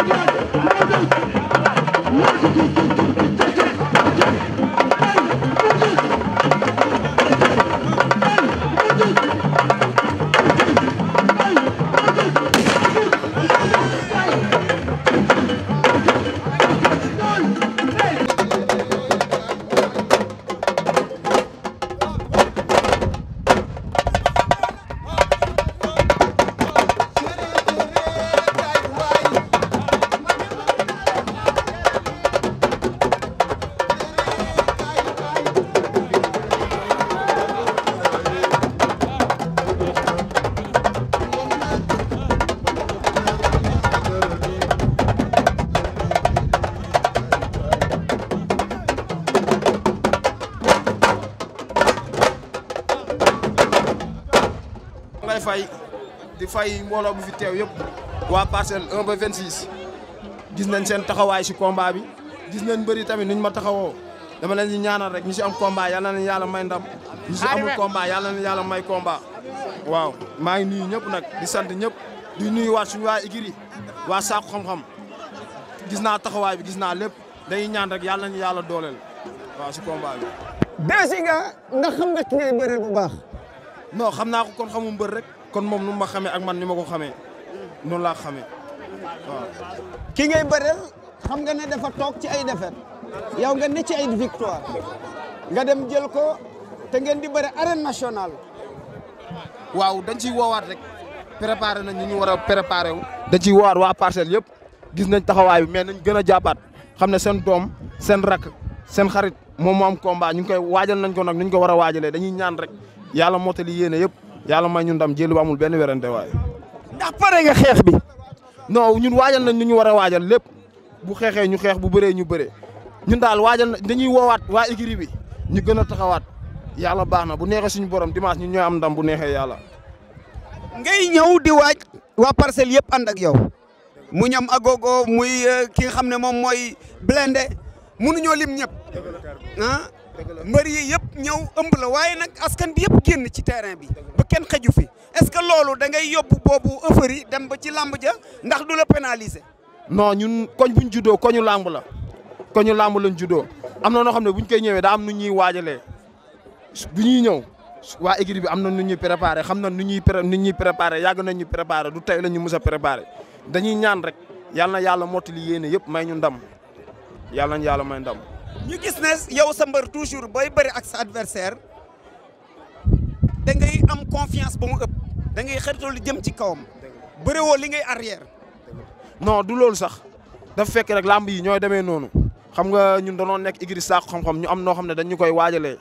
Hadi. Hadi. fay di fay mbooloo bu fi teew yëpp waa parcelle 1 ba 26 gis nañ seen taxawaay si combat bi gis nañ mbëri tamit niñ ma taxawoo dama leen di ñaanal rek ñu si am combat yàlla nañ yàlla may ndam si amul combat yàlla nañ yàlla may combat waaw maa ngi nuyu ñëpp nag di sant ñëpp di nuyu waat suñu waa igiri waa saako xam-xam gis naa taxawaay bi gis naa lépp dañuy ñaan rek yàlla nañu yàlla dooleel waaw si combat bi. Dansé nga xam nga ki ngay bëreel bu baax. non xam naa ko kon rek. kon mom nu ma xamee ak man nima ko xamé noonu la xamé ki ngay bëral xam nga ne dafa tok ci ay défaite yow nga ne ci ay victoire nga dem jël ko té ngeen di bëré arène nationale. waaw dañ ci wowat rek préparé nañ ñu wara war préparé wu. dañ ciy woowaat waa parcelle yépp gis nañ taxaway bi mais nañ gëna jabat xamné sen ne sen rak sen xarit mom mo am combat ñu koy wajal nañ ko nak ñu ko wara wajalé dañuy ñaan rek yalla motali yene yépp yàlla may ñu ndam jël bu amul benn werante waaye. ndax pare nga xeex bi. non ñun waajal nañ ni ñu war a waajal lépp bu xeexee ñu xeex bu bëree ñu bëree ñun daal waajal nañ dañuy woowaat waa écurie bi ñu gën a taxawaat yàlla baax na bu neexee suñu borom dimanche ñu ñooy am ndam bu neexee yàlla. ngay ñëw di waaj waa parcelle yëpp ànd ak yow mu ñam agogo muy euh, ki nga xam ne moom mooy blindé mënuñoo lim ñëpp ah mbër yi yëpp ñëw ëmb la waaye nag askan bi yëpp génn ci terrain bi. kenn xeju fi est-ce que loolu da ngay yóbbu boobu ëffëri dem ba ci làmb ja ndax du la pénaliser. non ñun koñ buñ juddoo koñu làmb la koñu làmb lañ juddoo am na noo xam ne bu ñu koy ñëwee daa am nu ñuy waajalee bu ñuy ñëw waa équipe bi am na nu ñuy préparé xam na nu ñuy nu ñuy préparé yàgg nañ ñu préparé du tey la ñu mus a préparé dañuy ñaan rek yàlla na yàlla mottali yéene yëpp may ñu ndam yàlla na yàlla may ndam. ñu gis ne yow sa mbër toujours booy bëri ak sa adversaire am confiance bon ëpp da ngay lu ci arrière. non du loolu sax da fekk rek lamb yi ñoy démé nonu xam nga ñun nek igri sax xam-xam ñu am no xamné koy wajalé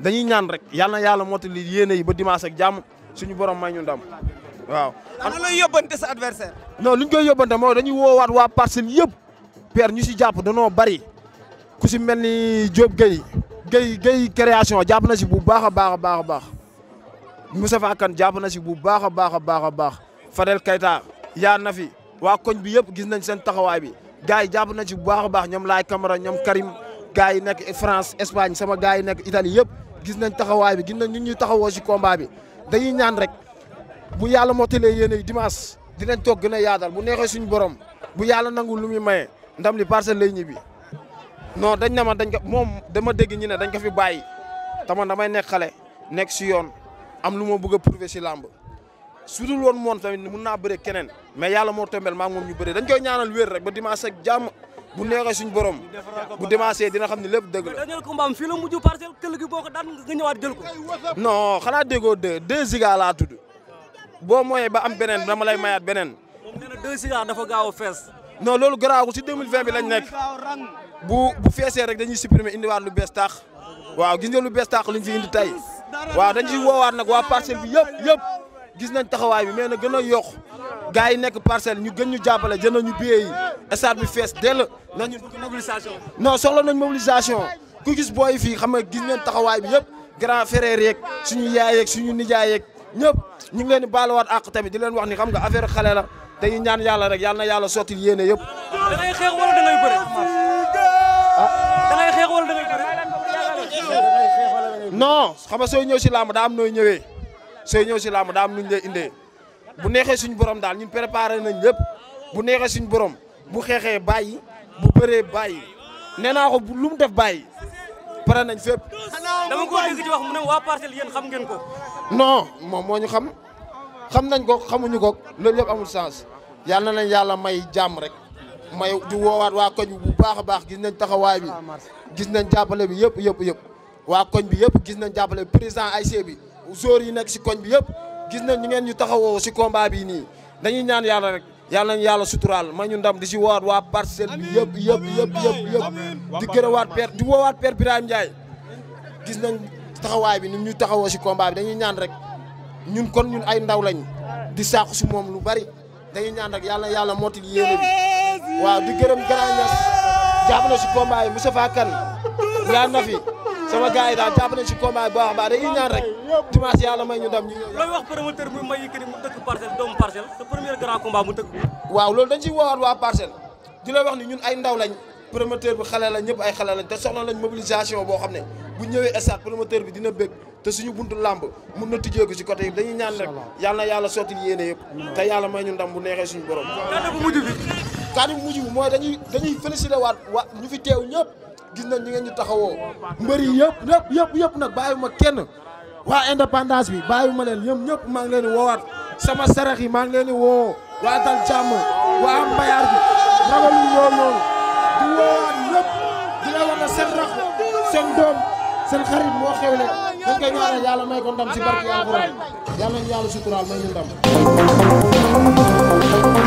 dañuy ñaan rek yalla yalla yi ba dimanche ak jamm suñu borom may ñu ndam waaw. lay sa adversaire. non luñ koy yobante mo dañuy wa père ñu Nous bari ku ci melni job création Moustapha Kane jàpp na si bu baax a baax a baax a baax Fadel Keita yaa na fi waa koñ bi yëpp gis nañ seen taxawaay bi gars yi jàpp na si bu baax a baax ñoom Laay Camara ñoom Karim gars yi nekk France Espagne sama gars yi nekk Italie yëpp gis nañ taxawaay bi gis nañ nit ñuy taxawoo si combat bi dañuy ñaan rek bu yàlla mottalee yéen ay dimanche dinañ toog gën a yaatal bu neexee suñu borom bu yàlla nangu lu muy maye ndam li parcelle lay ñibbi non dañ ne dañ ko moom dama dégg ñu ne dañ ko fi bàyyi te man damay nekk nekk si yoon am lu ma bëgg a prouver si làmb su dul woon moom tamit mun naa bëree keneen mais yàlla moo tombel maa ngi ñu bëre dañ koy ñaanal wér rek ba dimanche ak jàmm bu neexee suñu borom bu dimanche dina xam ni lépp dëgg la. dañu fii la mujj parcelle këll gi boo ko daan nga ñëwaat jël xanaa déggoo deux deux ziga laa tudd boo mooyee ba am beneen dama lay mayaat beneen. moom nee na deux dafa gaaw a fees. non loolu garaawu si 2020 bi lañ nekk bu bu feesee dañuy supprimer indiwaat lu bees taax waaw gis lu bees taax luñ fi indi tey. waaw dañ ci woowaat nag waa parcelle bi yëpp yëpp gis nañ taxawaay bi mais na gën a yokk gars yi nekk parcelle ñu gën ñu jàppale jëndal ñu billets yi stade bi fees dell nañu mobilisation non soxla nañ mobilisation ku gis booy fii xam nga gis nañ taxawaay bi yëpp grand frère yeeg suñu yaay yeeg suñu nijaay yeeg ñëpp ñu ngi leen di baalawaat àq tamit di leen wax ni xam nga affaire xale la dañuy ñaan yàlla rek yàlla na yàlla sottil yéene yëpp. non xam nga sooy ñëw si làmb daa am nooy ñëwee sooy ñëw si làmb daa am nuñ lay indee bu neexee suñu borom daal ñun préparé nañ lépp bu neexee suñu borom bu xeexee bàyyi bu bëree bàyyi nee naa ko bu lu mu def bàyyi pare nañ fépp. dama ko dégg ci wax mu ne waa parcelle yéen xam ngeen ko. non moom moo ñu xam xam nañ ko xamuñu ko loolu yëpp amul sens yàlla nañ yàlla may jàmm rek may di woowaat waa koñ bu baax a baax gis nañ taxawaay bi gis nañ jàppale bi yëpp yëpp yëpp. waa koñ bi yëpp gis nañ jàppale président ay bi joueurs yi nag si koñ bi yëpp gis nañ ñu ngeen ñu taxawoo si combat bi nii dañuy ñaan yàlla rek yàlla nañu yàlla suturaal ma ñu ndam di si woowaat waa parcelle bi yëpp yëpp yëpp yëpp yëpp di gërëwaat père di woowaat père Birahim gis nañ taxawaay bi ni ñu taxawoo si combat bi dañuy ñaan rek ñun kon ñun ay ndaw lañ di saaku si moom lu bari dañuy ñaan rek yàlla yàlla motti yéene bi waaw di gërëm grand Niass jàpp na si combat yi Moustapha Kane yaa na sama gars yi daal jàpp nañ ci combat boo xam dañuy ñaan rek dimanche yàlla may ñu dem waaw loolu dañ ciy woowaat waa parcelle di la wax ni ñun ay ndaw lañ promoteur bi xale la ay xale te soxla lañ mobilisation boo xam ne bu ñëwee stade promoteur bi dina bëgg te suñu buntu làmb mun na tijjee ko ci côté yi dañuy ñaan rek yàlla na yàlla sotti yéene yëpp te yàlla may ñu ndam bu neexee suñu borom. kàddu bu mujj bi. mujj bi mooy dañuy dañuy waat wa ñu fi teew gis nañ ñi ngeen ñu taxawoo mbëri yëpp yëpp yëpp yëpp nag bàyyiwuma kenn waa indépendance bi bàyyiwuma leen ñoom ñëpp maa ngi leen di woowaat sama sarax yi maa ngi leen di woo waa dal jàmm waa mbayaar bi ragalu yoo noonu di woowaat ñëpp di la a seen rax seen doom seen xarit moo xew le dañ koy ñaanal yàlla may ko ndam si barke alxuraan yàlla nañu yàlla suturaal may ñu ndam